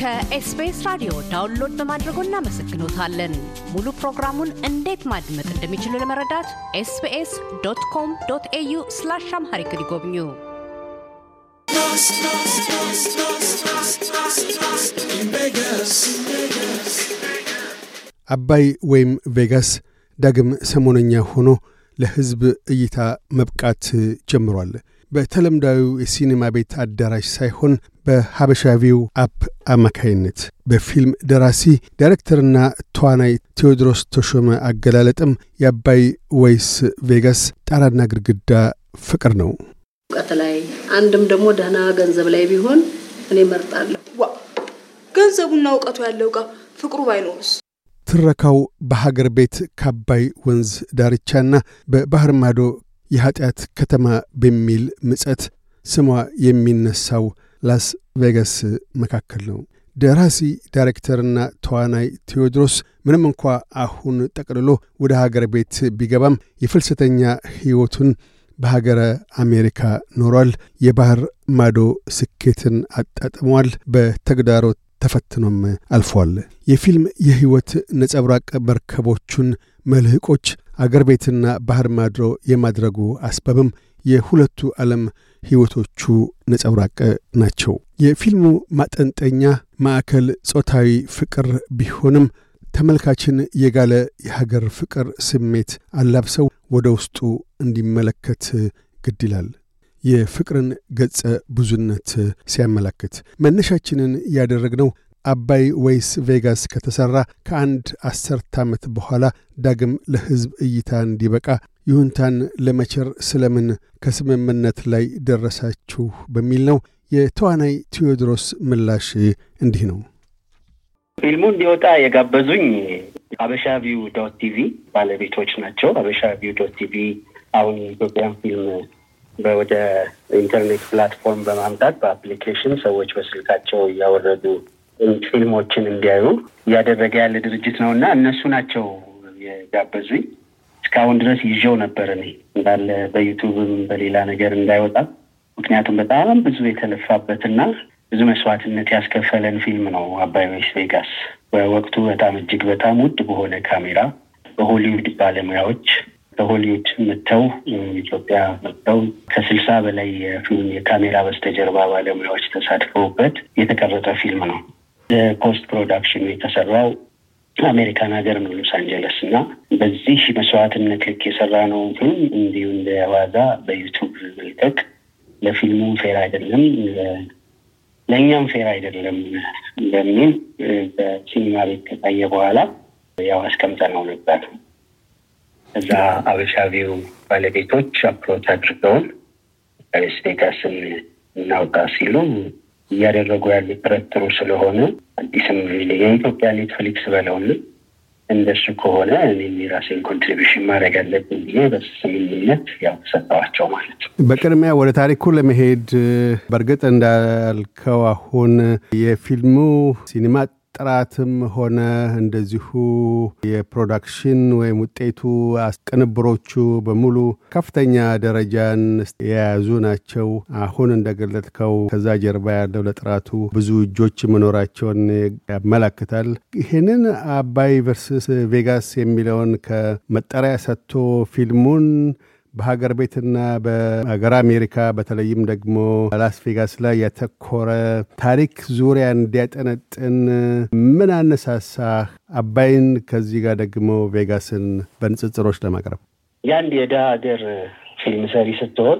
ከኤስቢኤስ ራዲዮ ዳውንሎድ በማድረጎ እናመሰግኖታለን። ሙሉ ፕሮግራሙን እንዴት ማድመጥ እንደሚችሉ ለመረዳት ኤስቢኤስ ዶት ኮም ዶት ኤዩ ስላሽ አምሃሪክ ይጎብኙ። አባይ ወይም ቬጋስ ዳግም ሰሞነኛ ሆኖ ለሕዝብ እይታ መብቃት ጀምሯል። በተለምዳዊ የሲኒማ ቤት አዳራሽ ሳይሆን በሀበሻቪው አፕ አማካይነት በፊልም ደራሲ ዳይሬክተርና ተዋናይ ቴዎድሮስ ተሾመ አገላለጥም የአባይ ወይስ ቬጋስ ጣራና ግድግዳ ፍቅር ነው። እውቀት ላይ አንድም ደግሞ ደህና ገንዘብ ላይ ቢሆን እኔ መርጣለሁ። ዋ ገንዘቡና እውቀቱ ያለው ጋር ፍቅሩ ባይኖርስ? ትረካው በሀገር ቤት ከአባይ ወንዝ ዳርቻና በባህር ማዶ የኀጢአት ከተማ በሚል ምጸት ስሟ የሚነሳው ላስ ቬጋስ መካከል ነው። ደራሲ ዳይሬክተርና ተዋናይ ቴዎድሮስ ምንም እንኳ አሁን ጠቅልሎ ወደ ሀገር ቤት ቢገባም የፍልሰተኛ ሕይወቱን በሀገረ አሜሪካ ኖሯል። የባህር ማዶ ስኬትን አጣጥሟል። በተግዳሮት ተፈትኖም አልፏል። የፊልም የሕይወት ነጸብራቅ መርከቦቹን መልህቆች አገር ቤትና ባህር ማድሮ የማድረጉ አስበብም የሁለቱ ዓለም ሕይወቶቹ ነጸብራቅ ናቸው። የፊልሙ ማጠንጠኛ ማዕከል ጾታዊ ፍቅር ቢሆንም ተመልካችን የጋለ የሀገር ፍቅር ስሜት አላብሰው ወደ ውስጡ እንዲመለከት ግድ ይላል። የፍቅርን ገጸ ብዙነት ሲያመላክት መነሻችንን ያደረግነው አባይ ወይስ ቬጋስ ከተሠራ ከአንድ አሠርተ ዓመት በኋላ ዳግም ለሕዝብ እይታ እንዲበቃ ይሁንታን ለመቸር ስለምን ከስምምነት ላይ ደረሳችሁ በሚል ነው። የተዋናይ ቴዎድሮስ ምላሽ እንዲህ ነው። ፊልሙ እንዲወጣ የጋበዙኝ አበሻ ቪው ዶት ቲቪ ባለቤቶች ናቸው። አበሻ ቪው ዶት ቲቪ አሁን የኢትዮጵያን ፊልም ወደ ኢንተርኔት ፕላትፎርም በማምጣት በአፕሊኬሽን ሰዎች በስልካቸው እያወረዱ ፊልሞችን እንዲያዩ እያደረገ ያለ ድርጅት ነው እና እነሱ ናቸው የጋበዙኝ። እስካሁን ድረስ ይዤው ነበር እኔ እንዳለ በዩቱብም በሌላ ነገር እንዳይወጣ። ምክንያቱም በጣም ብዙ የተለፋበትና ብዙ መስዋዕትነት ያስከፈለን ፊልም ነው አባይ ዌስት ቬጋስ። በወቅቱ በጣም እጅግ በጣም ውድ በሆነ ካሜራ በሆሊውድ ባለሙያዎች ከሆሊውድ መጥተው ኢትዮጵያ መጥተው ከስልሳ በላይ የፊልም የካሜራ በስተጀርባ ባለሙያዎች ተሳትፈውበት የተቀረጠ ፊልም ነው። ኮስት ፕሮዳክሽን የተሰራው አሜሪካን ሀገር ነው ሎስ አንጀለስ እና በዚህ መስዋዕትነት ልክ የሰራ ነው ፊልም እንዲሁ እንደ ዋዛ በዩቱብ መልቀቅ ለፊልሙ ፌር አይደለም፣ ለእኛም ፌር አይደለም በሚል በሲኒማ ቤት ከታየ በኋላ ያው አስቀምጠነው ነበር። እዛ አበሻቪው ባለቤቶች አፕሎት አድርገውን ስቴታስን እናውቃ ሲሉ እያደረጉ ያሉ ጥረት ጥሩ ስለሆነ አዲስም የኢትዮጵያ ኔትፍሊክስ በለውና እንደሱ ከሆነ እኔም የራሴን ኮንትሪቢሽን ማድረግ አለብን ብዬ በስምምነት ያው ተሰጠዋቸው ማለት ነው። በቅድሚያ ወደ ታሪኩ ለመሄድ በእርግጥ እንዳልከው አሁን የፊልሙ ሲኒማ ጥራትም ሆነ እንደዚሁ የፕሮዳክሽን ወይም ውጤቱ ቅንብሮቹ በሙሉ ከፍተኛ ደረጃን የያዙ ናቸው። አሁን እንደገለጥከው ከዛ ጀርባ ያለው ለጥራቱ ብዙ እጆች መኖራቸውን ያመላክታል። ይህንን አባይ ቨርስስ ቬጋስ የሚለውን ከመጠሪያ ሰጥቶ ፊልሙን በሀገር ቤትና በሀገር አሜሪካ በተለይም ደግሞ ላስ ቬጋስ ላይ ያተኮረ ታሪክ ዙሪያ እንዲያጠነጥን ምን አነሳሳህ? አባይን ከዚህ ጋር ደግሞ ቬጋስን በንጽጽሮች ለማቅረብ የአንድ የድሃ ሀገር ፊልም ሰሪ ስትሆን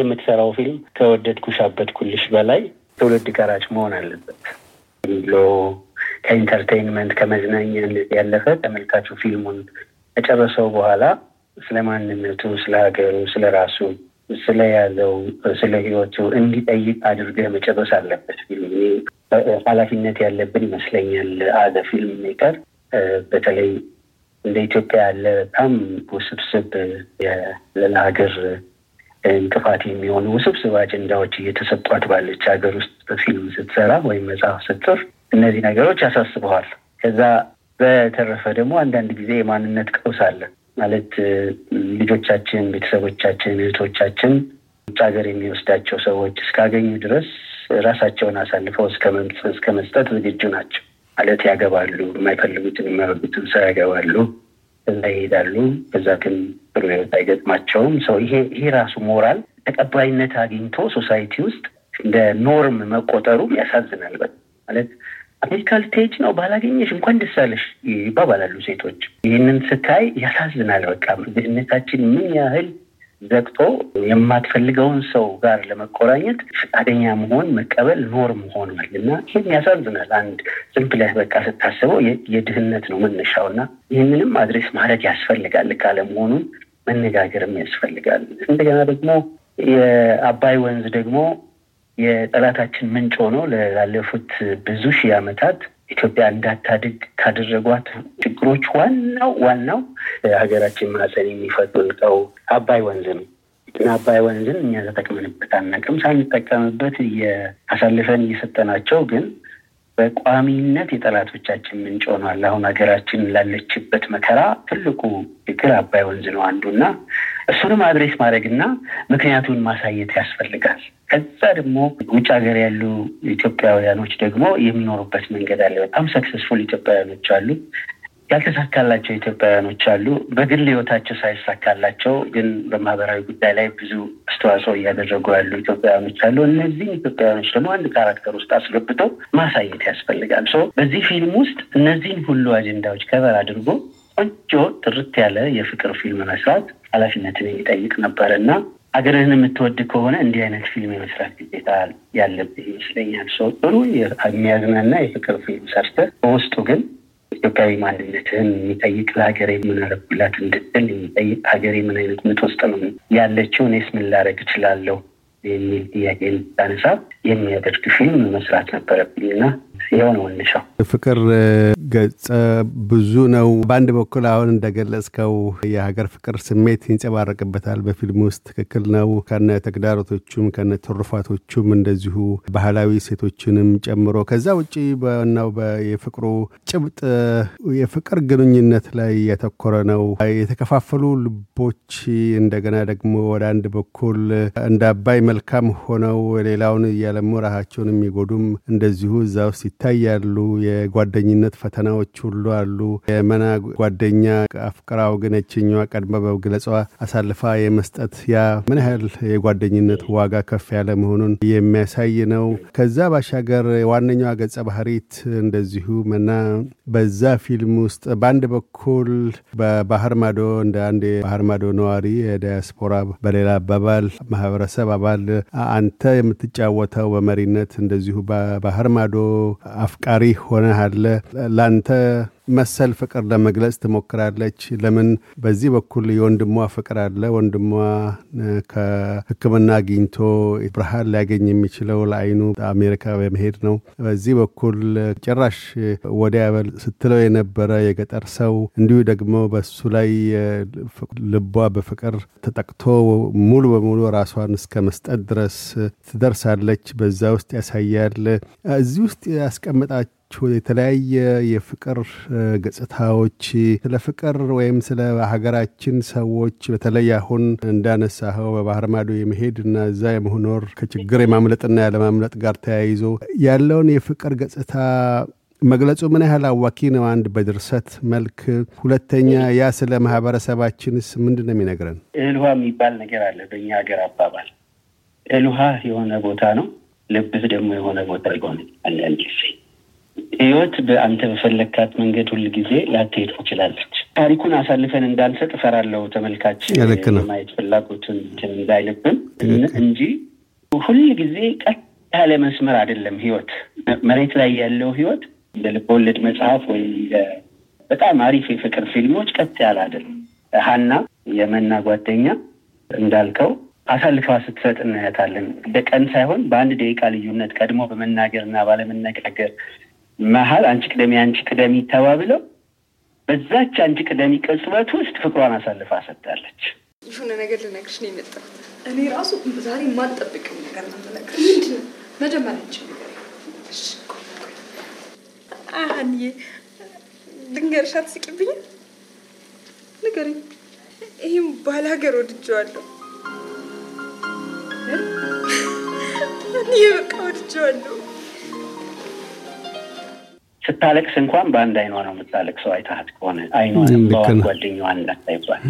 የምትሰራው ፊልም ከወደድኩሽ አበድኩልሽ በላይ ትውልድ ቀራጭ መሆን አለበት ብሎ ከኢንተርቴይንመንት ከመዝናኛ ያለፈ ተመልካቹ ፊልሙን ከጨረሰው በኋላ ስለ ማንነቱ፣ ስለ ሀገሩ፣ ስለ ራሱ፣ ስለያዘው፣ ስለ ህይወቱ እንዲጠይቅ አድርገህ መጨረስ አለበት። ኃላፊነት ያለብን ይመስለኛል። አዘ ፊልም ሜከር በተለይ እንደ ኢትዮጵያ ያለ በጣም ውስብስብ ለሀገር እንቅፋት የሚሆኑ ውስብስብ አጀንዳዎች እየተሰጧት ባለች ሀገር ውስጥ ፊልም ስትሰራ ወይም መጽሐፍ ስትጽፍ እነዚህ ነገሮች ያሳስበዋል። ከዛ በተረፈ ደግሞ አንዳንድ ጊዜ የማንነት ቀውስ አለ። ማለት ልጆቻችን፣ ቤተሰቦቻችን፣ እህቶቻችን ውጭ ሀገር የሚወስዳቸው ሰዎች እስካገኙ ድረስ ራሳቸውን አሳልፈው እስከ መስጠት ዝግጁ ናቸው። ማለት ያገባሉ፣ የማይፈልጉትን የማይወዱትን ሰው ያገባሉ፣ እዛ ይሄዳሉ። በዛ ግን ጥሩ ህይወት አይገጥማቸውም። ሰው ይሄ ይሄ ራሱ ሞራል ተቀባይነት አግኝቶ ሶሳይቲ ውስጥ እንደ ኖርም መቆጠሩም ያሳዝናል። ማለት አሜሪካ ልትሄጂ ነው ባላገኘሽ እንኳን ደስ አለሽ ይባባላሉ ሴቶች። ይህንን ስታይ ያሳዝናል። በቃ ድህነታችን ምን ያህል ዘግቶ የማትፈልገውን ሰው ጋር ለመቆራኘት ፈቃደኛ መሆን መቀበል ኖር መሆኗል እና ይህም ያሳዝናል። አንድ ዝም ብለህ በቃ ስታስበው የድህነት ነው መነሻው እና ይህንንም አድሬስ ማድረግ ያስፈልጋል። ካለመሆኑን መነጋገርም ያስፈልጋል። እንደገና ደግሞ የአባይ ወንዝ ደግሞ የጠላታችን ምንጭ ሆኖ ላለፉት ብዙ ሺህ ዓመታት ኢትዮጵያ እንዳታድግ ካደረጓት ችግሮች ዋናው ዋናው ሀገራችን ማዕፀን የሚፈጥልቀው አባይ ወንዝ ነው እና አባይ ወንዝን እኛ ተጠቅመንበት አናቅም። ሳንጠቀምበት አሳልፈን እየሰጠናቸው ግን በቋሚነት የጠላቶቻችን ምንጭ ሆኗል። አሁን ሀገራችን ላለችበት መከራ ትልቁ ችግር አባይ ወንዝ ነው አንዱና እሱንም አድሬስ ማድረግና ምክንያቱን ማሳየት ያስፈልጋል። ከዛ ደግሞ ውጭ ሀገር ያሉ ኢትዮጵያውያኖች ደግሞ የሚኖሩበት መንገድ አለ። በጣም ሰክሰስፉል ኢትዮጵያውያኖች አሉ፣ ያልተሳካላቸው ኢትዮጵያውያኖች አሉ። በግል ህይወታቸው ሳይሳካላቸው ግን በማህበራዊ ጉዳይ ላይ ብዙ አስተዋጽኦ እያደረጉ ያሉ ኢትዮጵያውያኖች አሉ። እነዚህን ኢትዮጵያውያኖች ደግሞ አንድ ካራክተር ውስጥ አስገብቶ ማሳየት ያስፈልጋል። ሶ በዚህ ፊልም ውስጥ እነዚህን ሁሉ አጀንዳዎች ከበር አድርጎ ቆንጆ ጥርት ያለ የፍቅር ፊልም መስራት ኃላፊነትን የሚጠይቅ ነበር እና ሀገርህን የምትወድ ከሆነ እንዲህ አይነት ፊልም የመስራት ግዴታ ያለብህ ይመስለኛል። ሰው ጥሩ የሚያዝናና የፍቅር ፊልም ሰርተህ በውስጡ ግን ኢትዮጵያዊ ማንነትህን የሚጠይቅ ለሀገሬ ምን አደረኩላት እንድትል የሚጠይቅ ሀገሬ ምን አይነት ምጥ ውስጥ ነው ያለችው፣ እኔስ ምን ላደርግ እችላለሁ የሚል ጥያቄ እንድታነሳ የሚያደርግ ፊልም መስራት ነበረብኝ እና ይኸው ነው ፍቅር ገጸ ብዙ ነው። በአንድ በኩል አሁን እንደገለጽከው የሀገር ፍቅር ስሜት ይንጸባረቅበታል በፊልም ውስጥ ትክክል ነው። ከነ ተግዳሮቶቹም ከነ ትሩፋቶቹም እንደዚሁ ባህላዊ ሴቶችንም ጨምሮ ከዛ ውጭ በናው የፍቅሩ ጭብጥ የፍቅር ግንኙነት ላይ ያተኮረ ነው። የተከፋፈሉ ልቦች እንደገና ደግሞ ወደ አንድ በኩል እንደ አባይ መልካም ሆነው ሌላውን እያለሙ ራሳቸውን የሚጎዱም እንደዚሁ እዛ ውስጥ ይታያሉ። የጓደኝነት ፈተናዎች ሁሉ አሉ። የመና ጓደኛ አፍቅራ ወገነችኛዋ ቀድመ በግለጿ አሳልፋ የመስጠት ያ ምን ያህል የጓደኝነት ዋጋ ከፍ ያለ መሆኑን የሚያሳይ ነው። ከዛ ባሻገር ዋነኛዋ ገጸ ባህሪት እንደዚሁ መና በዛ ፊልም ውስጥ በአንድ በኩል በባህር ማዶ እንደ አንድ የባህር ማዶ ነዋሪ የዲያስፖራ በሌላ አባባል ማህበረሰብ አባል አንተ የምትጫወተው በመሪነት እንደዚሁ በባህር ማዶ አፍቃሪ ሆነህ አለ ላንተ መሰል ፍቅር ለመግለጽ ትሞክራለች? ለምን በዚህ በኩል የወንድሟ ፍቅር አለ። ወንድሟ ከሕክምና አግኝቶ ብርሃን ሊያገኝ የሚችለው ለአይኑ አሜሪካ በመሄድ ነው። በዚህ በኩል ጭራሽ ወዲያ በል ስትለው የነበረ የገጠር ሰው እንዲሁ ደግሞ በሱ ላይ ልቧ በፍቅር ተጠቅቶ ሙሉ በሙሉ ራሷን እስከ መስጠት ድረስ ትደርሳለች። በዛ ውስጥ ያሳያል። እዚህ ውስጥ ያስቀምጣ። ያላችሁ የተለያየ የፍቅር ገጽታዎች ስለ ፍቅር ወይም ስለ ሀገራችን ሰዎች በተለይ አሁን እንዳነሳኸው በባህር ማዶ የመሄድ እና እዛ የመሆኖር ከችግር የማምለጥና ያለማምለጥ ጋር ተያይዞ ያለውን የፍቅር ገጽታ መግለጹ ምን ያህል አዋኪ ነው? አንድ በድርሰት መልክ፣ ሁለተኛ ያ ስለ ማህበረሰባችንስ ምንድን ነው የሚነግረን? እህል ውሃ የሚባል ነገር አለ በእኛ ሀገር አባባል። እህል ውሃ የሆነ ቦታ ነው፣ ልብህ ደግሞ የሆነ ቦታ ይሆን አንዳንድ ጊዜ ህይወት በአንተ በፈለግካት መንገድ ሁል ጊዜ ላትሄድ ትችላለች። ታሪኩን አሳልፈን እንዳንሰጥ እፈራለሁ። ተመልካች ማየት ፍላጎትን እንዳይልብን እንጂ ሁል ጊዜ ቀጥ ያለ መስመር አይደለም ህይወት። መሬት ላይ ያለው ህይወት እንደ ልበወለድ መጽሐፍ ወይም በጣም አሪፍ የፍቅር ፊልሞች ቀጥ ያለ አይደለም። ሀና የመና ጓደኛ እንዳልከው አሳልፋ ስትሰጥ እናያታለን። በቀን ሳይሆን በአንድ ደቂቃ ልዩነት ቀድሞ በመናገር እና ባለመነጋገር መሀል አንቺ ቅደሚ አንቺ ቅደሚ ተባብለው በዛች አንቺ ቅደሚ ቅጽበት ውስጥ ፍቅሯን አሳልፋ ሰጥታለች። የሆነ ነገር ልነግርሽ ነው የመጣሁት። እኔ ራሱ ዛሬ የማልጠብቀው ነገር ነው የምነግርሽ። ምንድን ነው መጀመሪያ አንቺ ነገር አሀንዬ ልንገርሽ፣ አትስቂብኝም? ንገሪኝ። ይህም ባለ ሀገር ወድጄዋለሁ። እኔ በቃ ወድጀዋለሁ። ስታለቅስ እንኳን በአንድ አይኗ ነው የምታለቅ ሰው አይታት ከሆነ አይኗ ጓደኛዋ እንዳታይባል።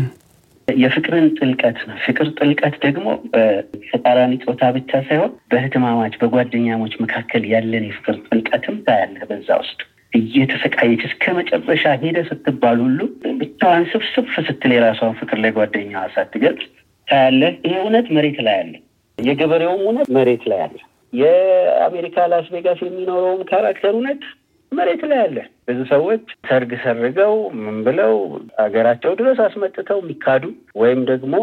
የፍቅርን ጥልቀት ነው። ፍቅር ጥልቀት ደግሞ በተቃራኒ ፆታ ብቻ ሳይሆን በህትማማች በጓደኛሞች መካከል ያለን የፍቅር ጥልቀትም ታያለህ በዛ ውስጥ እየተሰቃየች እስከ መጨረሻ ሄደ ስትባል ሁሉ ብቻዋን ስፍስፍ ስትል የራሷን ፍቅር ለጓደኛዋ ሳትገልጽ ታያለህ። ይሄ እውነት መሬት ላይ አለ። የገበሬውም እውነት መሬት ላይ አለ። የአሜሪካ ላስቬጋስ የሚኖረውም ካራክተር እውነት መሬት ላይ አለ። ብዙ ሰዎች ሰርግ ሰርገው ምን ብለው ሀገራቸው ድረስ አስመጥተው የሚካዱ ወይም ደግሞ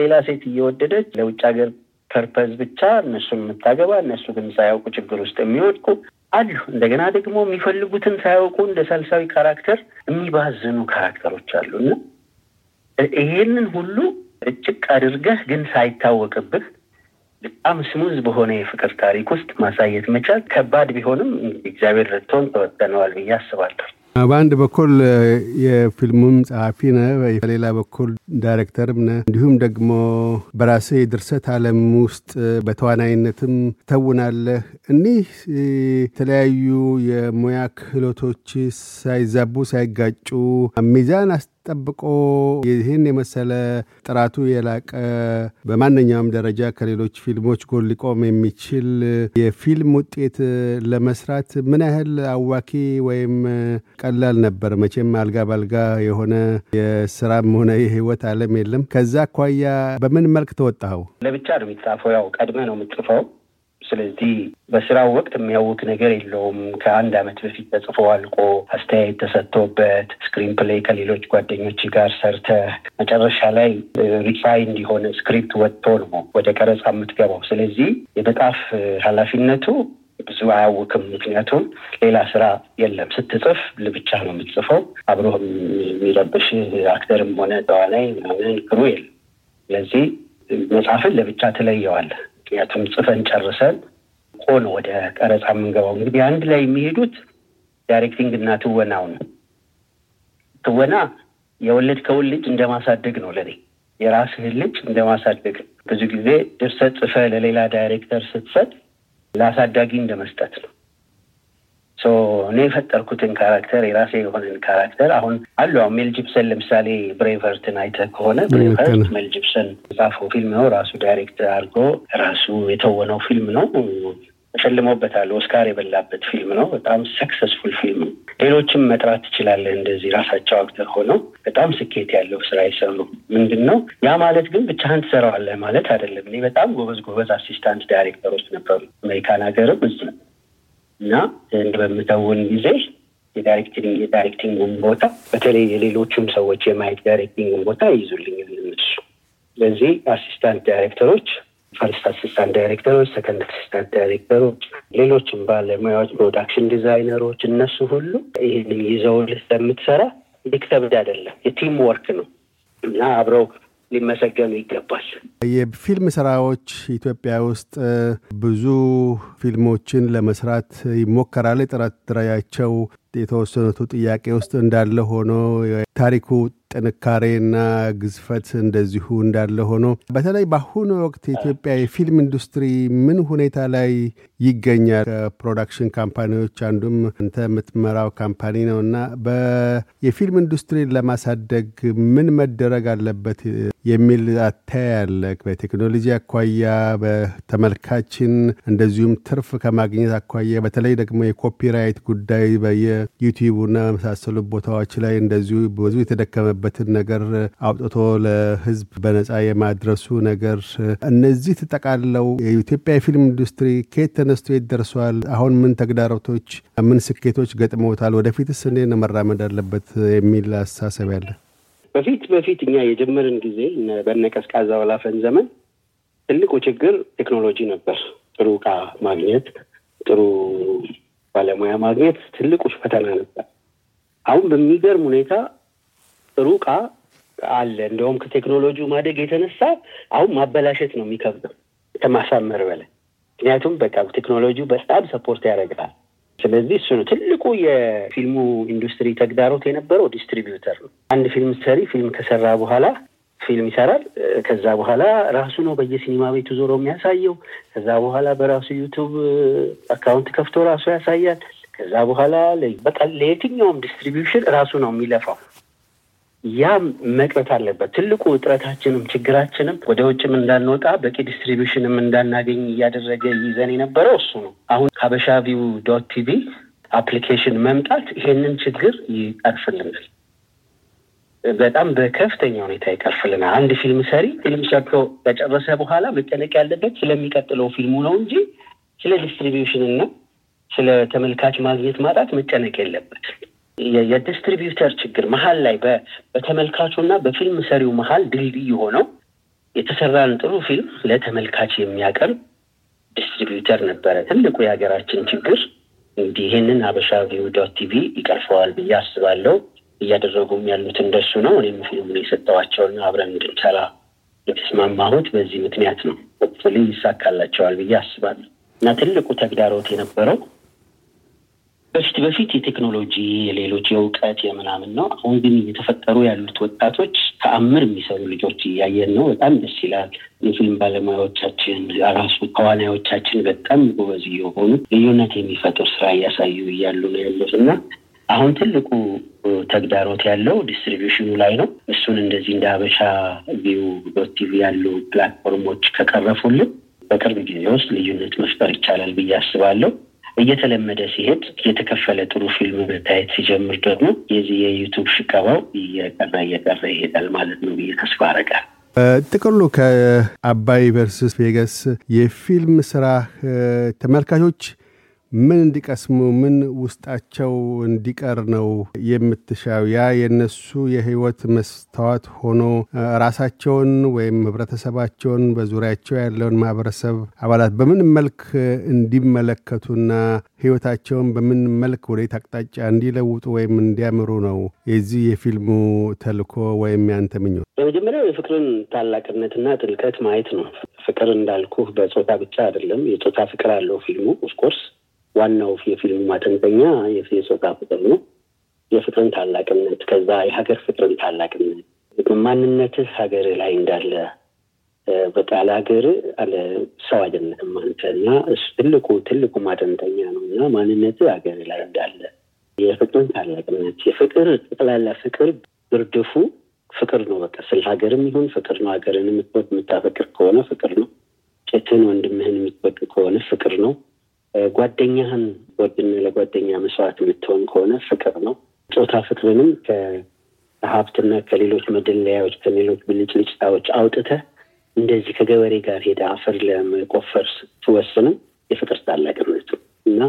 ሌላ ሴት እየወደደች ለውጭ ሀገር ፐርፐዝ ብቻ እነሱን የምታገባ እነሱ ግን ሳያውቁ ችግር ውስጥ የሚወድቁ አሉ። እንደገና ደግሞ የሚፈልጉትን ሳያውቁ እንደ ሳልሳዊ ካራክተር የሚባዝኑ ካራክተሮች አሉ እና ይሄንን ሁሉ እጭቅ አድርገህ ግን ሳይታወቅብህ በጣም ስሙዝ በሆነ የፍቅር ታሪክ ውስጥ ማሳየት መቻል ከባድ ቢሆንም እግዚአብሔር ረድቶን ተወጠነዋል ብዬ አስባለሁ። በአንድ በኩል የፊልሙም ጸሐፊ ነ በሌላ በኩል ዳይሬክተርም ነ እንዲሁም ደግሞ በራስህ የድርሰት ዓለም ውስጥ በተዋናይነትም ተውናለህ። እኒህ የተለያዩ የሙያ ክህሎቶች ሳይዛቡ ሳይጋጩ ሚዛን ጠብቆ ይህን የመሰለ ጥራቱ የላቀ በማንኛውም ደረጃ ከሌሎች ፊልሞች ጎን ሊቆም የሚችል የፊልም ውጤት ለመስራት ምን ያህል አዋኪ ወይም ቀላል ነበር? መቼም አልጋ ባልጋ የሆነ የስራም ሆነ የህይወት አለም የለም። ከዛ አኳያ በምን መልክ ተወጣኸው? ለብቻ ነው የሚጻፈው። ያው ቀድመ ነው የምጽፈው። ስለዚህ በስራው ወቅት የሚያውቅ ነገር የለውም። ከአንድ አመት በፊት ተጽፎ አልቆ አስተያየት ተሰጥቶበት ስክሪን ፕሌይ ከሌሎች ጓደኞች ጋር ሰርተ መጨረሻ ላይ ሪፋይ እንዲሆነ ስክሪፕት ወጥቶ ነው ወደ ቀረጻ የምትገባው። ስለዚህ የመጣፍ ኃላፊነቱ ብዙ አያውቅም። ምክንያቱም ሌላ ስራ የለም። ስትጽፍ ልብቻ ነው የምትጽፈው። አብሮ የሚረብሽ አክተርም ሆነ ተዋናይ ምናምን ክሩ የለም። ስለዚህ መጽሐፍን ለብቻ ትለየዋለህ። ምክንያቱም ጽፈን ጨርሰን ሆኖ ወደ ቀረጻ የምንገባው እንግዲህ አንድ ላይ የሚሄዱት ዳይሬክቲንግ እና ትወናው ነው። ትወና የወለድከውን ልጅ እንደማሳደግ ነው ለኔ የራስህን ልጅ እንደማሳደግ። ብዙ ጊዜ ድርሰት ጽፈ ለሌላ ዳይሬክተር ስትሰጥ ለአሳዳጊ እንደመስጠት ነው። እኔ የፈጠርኩትን ካራክተር የራሴ የሆነን ካራክተር አሁን አሉ አሁን ሜል ጅፕሰን ለምሳሌ ብሬቨርትን አይተ ከሆነ ብሬቨርት ሜል ጅፕሰን የጻፈው ፊልም ነው። ራሱ ዳይሬክት አድርጎ ራሱ የተወነው ፊልም ነው። ተሸልሞበታል። ኦስካር የበላበት ፊልም ነው። በጣም ሰክሰስፉል ፊልም ነው። ሌሎችም መጥራት ትችላለ እንደዚህ ራሳቸው አክተር ሆነው በጣም ስኬት ያለው ስራ ይሰሩ ምንድን ነው ያ ማለት ግን ብቻህን ትሰራዋለ ማለት አይደለም። እኔ በጣም ጎበዝ ጎበዝ አሲስታንት ዳይሬክተሮች ነበሩ አሜሪካን ሀገርም እና እንዲህ በምተውን ጊዜ የዳይሬክቲንግን ቦታ በተለይ የሌሎቹም ሰዎች የማየት ዳይሬክቲንግን ቦታ ይይዙልኝ እነሱ። ስለዚህ አሲስታንት ዳይሬክተሮች፣ ፈርስት አሲስታንት ዳይሬክተሮች፣ ሰከንድ አሲስታንት ዳይሬክተሮች፣ ሌሎችም ባለሙያዎች፣ ፕሮዳክሽን ዲዛይነሮች እነሱ ሁሉ ይህን ይዘው ስለምትሰራ እንዲህ ከብድ አይደለም። የቲም ወርክ ነው እና አብረው ሊመሰገኑ ይገባል። የፊልም ስራዎች ኢትዮጵያ ውስጥ ብዙ ፊልሞችን ለመስራት ይሞከራል። የጥረት ደረጃቸው የተወሰኑቱ ጥያቄ ውስጥ እንዳለ ሆኖ ታሪኩ ጥንካሬና ግዝፈት እንደዚሁ እንዳለ ሆኖ በተለይ በአሁኑ ወቅት የኢትዮጵያ የፊልም ኢንዱስትሪ ምን ሁኔታ ላይ ይገኛል? ከፕሮዳክሽን ካምፓኒዎች አንዱም አንተ የምትመራው ካምፓኒ ነው እና የፊልም ኢንዱስትሪን ለማሳደግ ምን መደረግ አለበት የሚል አተያይ አለ። በቴክኖሎጂ አኳያ፣ በተመልካችን እንደዚሁም ትርፍ ከማግኘት አኳያ በተለይ ደግሞ የኮፒራይት ጉዳይ በየዩቲዩብና መሳሰሉ ቦታዎች ላይ እንደዚሁ ብዙ የተደከመበት ያሉበትን ነገር አውጥቶ ለህዝብ በነጻ የማድረሱ ነገር እነዚህ ትጠቃለው የኢትዮጵያ የፊልም ኢንዱስትሪ ከየት ተነስቶ የት ደርሷል? አሁን ምን ተግዳሮቶች፣ ምን ስኬቶች ገጥመውታል? ወደፊትስ ስኔ ነው መራመድ አለበት የሚል አስተሳሰብ ያለ በፊት በፊት እኛ የጀመርን ጊዜ በነቀስቃዛ ወላፈን ዘመን ትልቁ ችግር ቴክኖሎጂ ነበር። ጥሩ እቃ ማግኘት፣ ጥሩ ባለሙያ ማግኘት ትልቁ ፈተና ነበር። አሁን በሚገርም ሁኔታ ጥሩ እቃ አለ። እንደውም ከቴክኖሎጂው ማደግ የተነሳ አሁን ማበላሸት ነው የሚከብደው ከማሳመር በላይ ምክንያቱም በቃ ቴክኖሎጂው በጣም ሰፖርት ያደርጋል። ስለዚህ እሱ ነው ትልቁ የፊልሙ ኢንዱስትሪ ተግዳሮት የነበረው ዲስትሪቢዩተር ነው። አንድ ፊልም ሰሪ ፊልም ከሰራ በኋላ ፊልም ይሰራል። ከዛ በኋላ ራሱ ነው በየሲኒማ ቤቱ ዞሮ የሚያሳየው። ከዛ በኋላ በራሱ ዩቱብ አካውንት ከፍቶ ራሱ ያሳያል። ከዛ በኋላ በቃ ለየትኛውም ዲስትሪቢዩሽን ራሱ ነው የሚለፋው። ያም መቅረት አለበት። ትልቁ እጥረታችንም ችግራችንም ወደ ውጭም እንዳንወጣ በቂ ዲስትሪቢሽንም እንዳናገኝ እያደረገ ይዘን የነበረው እሱ ነው። አሁን ሀበሻ ቪው ዶት ቲቪ አፕሊኬሽን መምጣት ይሄንን ችግር ይቀርፍልናል። በጣም በከፍተኛ ሁኔታ ይቀርፍልናል። አንድ ፊልም ሰሪ ፊልም ሰርቶ ከጨረሰ በኋላ መጨነቅ ያለበት ስለሚቀጥለው ፊልሙ ነው እንጂ ስለ ዲስትሪቢሽንና ስለ ተመልካች ማግኘት ማጣት መጨነቅ የለበት። የዲስትሪቢዩተር ችግር መሀል ላይ በተመልካቹ እና በፊልም ሰሪው መሀል ድልድይ ሆነው የተሰራን ጥሩ ፊልም ለተመልካች የሚያቀርብ ዲስትሪቢዩተር ነበረ ትልቁ የሀገራችን ችግር። እንግዲህ ይህንን አበሻ ቪው ዶት ቲቪ ይቀርፈዋል ብዬ አስባለሁ። እያደረጉም ያሉት እንደሱ ነው። እኔም ፊልሙን የሰጠዋቸውና አብረን እንድንሰራ የተስማማሁት በዚህ ምክንያት ነው። ሆፕፉሊ ይሳካላቸዋል ብዬ አስባለሁ እና ትልቁ ተግዳሮት የነበረው በፊት በፊት የቴክኖሎጂ የሌሎች የእውቀት የምናምን ነው። አሁን ግን እየተፈጠሩ ያሉት ወጣቶች ተአምር የሚሰሩ ልጆች እያየን ነው። በጣም ደስ ይላል። የፊልም ባለሙያዎቻችን ራሱ ተዋናዮቻችን በጣም ጎበዝ የሆኑ ልዩነት የሚፈጥር ስራ እያሳዩ እያሉ ነው ያሉት እና አሁን ትልቁ ተግዳሮት ያለው ዲስትሪቢሽኑ ላይ ነው። እሱን እንደዚህ እንደ አበሻ ቪው ዶት ቲቪ ያሉ ፕላትፎርሞች ከቀረፉልን በቅርብ ጊዜ ውስጥ ልዩነት መፍጠር ይቻላል ብዬ አስባለሁ። እየተለመደ ሲሄድ የተከፈለ ጥሩ ፊልም መታየት ሲጀምር ደግሞ የዚህ የዩቱብ ሽቀባው እየቀረ እየቀረ ይሄዳል ማለት ነው ብዬ ተስፋ አረጋል። ጥቅሉ ከአባይ ቨርስስ ቬገስ የፊልም ስራ ተመልካቾች ምን እንዲቀስሙ ምን ውስጣቸው እንዲቀር ነው የምትሻው? ያ የነሱ የህይወት መስታወት ሆኖ ራሳቸውን ወይም ህብረተሰባቸውን፣ በዙሪያቸው ያለውን ማህበረሰብ አባላት በምን መልክ እንዲመለከቱና ህይወታቸውን በምን መልክ ወደ አቅጣጫ እንዲለውጡ ወይም እንዲያምሩ ነው የዚህ የፊልሙ ተልኮ ወይም ያንተ ምኞ በመጀመሪያው የፍቅርን ታላቅነትና ጥልቀት ማየት ነው። ፍቅር እንዳልኩ በፆታ ብቻ አይደለም፣ የፆታ ፍቅር አለው ፊልሙ ኦፍኮርስ ዋናው የፊልም ማጠንጠኛ የሶጋ ፍቅር ነው። የፍቅርን ታላቅነት ከዛ የሀገር ፍቅርን ታላቅነት ማንነትህ ሀገር ላይ እንዳለ በቃል ሀገር አለ ሰው አይደለም አንተ እና ትልቁ ትልቁ ማጠንጠኛ ነው እና ማንነት ሀገር ላይ እንዳለ የፍቅርን ታላቅነት የፍቅር ጠቅላላ ፍቅር ብርድፉ ፍቅር ነው። በቃ ስለ ሀገርም ይሁን ፍቅር ነው። ሀገርን የምትወድ የምታፈቅር ከሆነ ፍቅር ነው። ጭትን ወንድምህን የምትወድ ከሆነ ፍቅር ነው። ጓደኛህን ወድና ለጓደኛ መስዋዕት የምትሆን ከሆነ ፍቅር ነው። ጾታ ፍቅርንም ከሀብትና ከሌሎች መደለያዎች ከሌሎች ብልጭልጭታዎች አውጥተህ እንደዚህ ከገበሬ ጋር ሄደ አፈር ለመቆፈር ስትወስንም የፍቅር ታላቅነቱ እና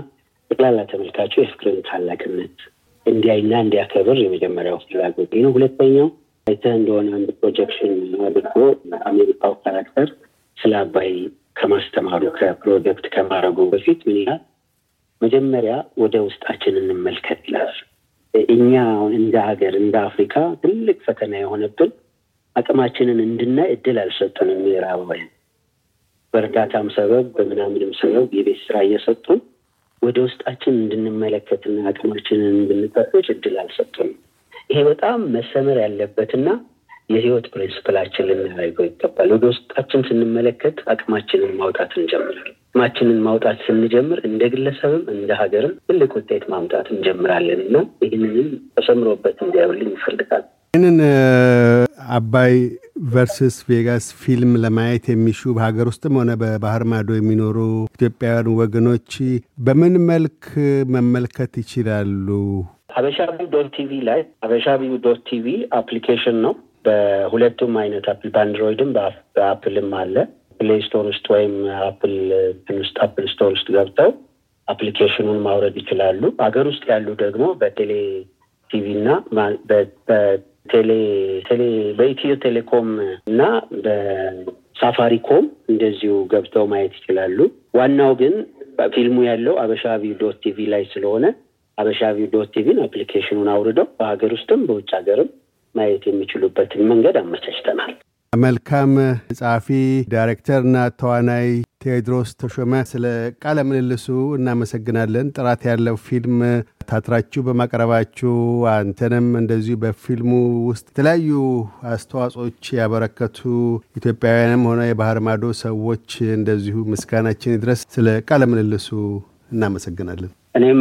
ጠቅላላ ተመልካቹ የፍቅርን ታላቅነት እንዲያይና እንዲያከብር የመጀመሪያው ፍላጎት ነው። ሁለተኛው አይተህ እንደሆነ አንድ ፕሮጀክሽን አድርጎ አሜሪካው ካራክተር ስለ አባይ ከማስተማሩ ከፕሮጀክት ከማድረጉ በፊት ምን ይላል? መጀመሪያ ወደ ውስጣችን እንመልከት ይላል። እኛ አሁን እንደ ሀገር እንደ አፍሪካ ትልቅ ፈተና የሆነብን አቅማችንን እንድናይ እድል አልሰጡንም። ምዕራባውያን በእርዳታም ሰበብ በምናምንም ሰበብ የቤት ስራ እየሰጡን ወደ ውስጣችን እንድንመለከትና አቅማችንን እንድንጠቅች እድል አልሰጡንም። ይሄ በጣም መሰመር ያለበትና የህይወት ፕሪንስፕላችን ልናደርገው ይገባል። ወደ ውስጣችን ስንመለከት አቅማችንን ማውጣት እንጀምራለን። አቅማችንን ማውጣት ስንጀምር እንደ ግለሰብም እንደ ሀገርም ትልቅ ውጤት ማምጣት እንጀምራለን እና ይህንንም ተሰምሮበት እንዲያዩልን ይፈልጋል። ይህንን አባይ ቨርስስ ቬጋስ ፊልም ለማየት የሚሹ በሀገር ውስጥም ሆነ በባህር ማዶ የሚኖሩ ኢትዮጵያውያን ወገኖች በምን መልክ መመልከት ይችላሉ? ሀበሻ ዶት ቲቪ ላይ ሀበሻ ዶት ቲቪ አፕሊኬሽን ነው። በሁለቱም አይነት አፕል በአንድሮይድም በአፕልም አለ። ፕሌይ ስቶር ውስጥ ወይም አፕል ውስጥ አፕል ስቶር ውስጥ ገብተው አፕሊኬሽኑን ማውረድ ይችላሉ። ሀገር ውስጥ ያሉ ደግሞ በቴሌ ቲቪ እና በኢትዮ ቴሌኮም እና በሳፋሪኮም እንደዚሁ ገብተው ማየት ይችላሉ። ዋናው ግን ፊልሙ ያለው አበሻቪው ዶት ቲቪ ላይ ስለሆነ አበሻቪው ዶት ቲቪን አፕሊኬሽኑን አውርደው በሀገር ውስጥም በውጭ ሀገርም ማየት የሚችሉበትን መንገድ አመቻችተናል። መልካም ጸሐፊ፣ ዳይሬክተርና ተዋናይ ቴዎድሮስ ተሾመ ስለ ቃለ ምልልሱ እናመሰግናለን። ጥራት ያለው ፊልም ታትራችሁ በማቅረባችሁ አንተንም እንደዚሁ በፊልሙ ውስጥ የተለያዩ አስተዋጽኦች ያበረከቱ ኢትዮጵያውያንም ሆነ የባህር ማዶ ሰዎች እንደዚሁ ምስጋናችን ይድረስ። ስለ ቃለ ምልልሱ እናመሰግናለን። እኔም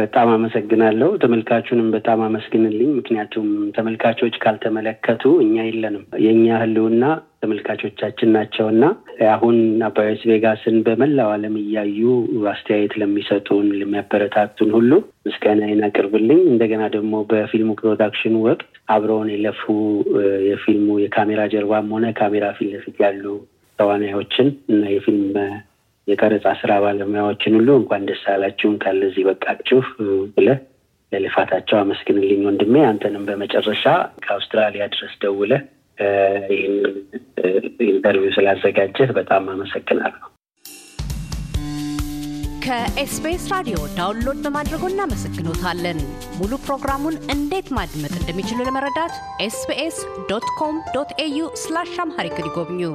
በጣም አመሰግናለሁ። ተመልካቹንም በጣም አመስግንልኝ። ምክንያቱም ተመልካቾች ካልተመለከቱ እኛ የለንም። የእኛ ህልውና ተመልካቾቻችን ናቸው ናቸውና አሁን አባዮች ቬጋስን በመላው ዓለም እያዩ አስተያየት ለሚሰጡን ለሚያበረታቱን ሁሉ ምስጋናዬን አቅርብልኝ። እንደገና ደግሞ በፊልሙ ፕሮዳክሽን ወቅት አብረውን የለፉ የፊልሙ የካሜራ ጀርባም ሆነ ካሜራ ፊት ለፊት ያሉ ተዋናዮችን እና የፊልም የቀረጻ ስራ ባለሙያዎችን ሁሉ እንኳን ደስ አላችሁ እንኳን ለዚህ በቃችሁ ብለ ለልፋታቸው አመስግንልኝ ወንድሜ። አንተንም በመጨረሻ ከአውስትራሊያ ድረስ ደውለ ይህን ኢንተርቪው ስላዘጋጀህ በጣም አመሰግናለሁ። ከኤስቤስ ራዲዮ ዳውንሎድ በማድረጎ እናመሰግኖታለን። ሙሉ ፕሮግራሙን እንዴት ማድመጥ እንደሚችሉ ለመረዳት ኤስቢኤስ ዶት ኮም ኤዩ ስላሽ አምሃሪክ ይጎብኙ።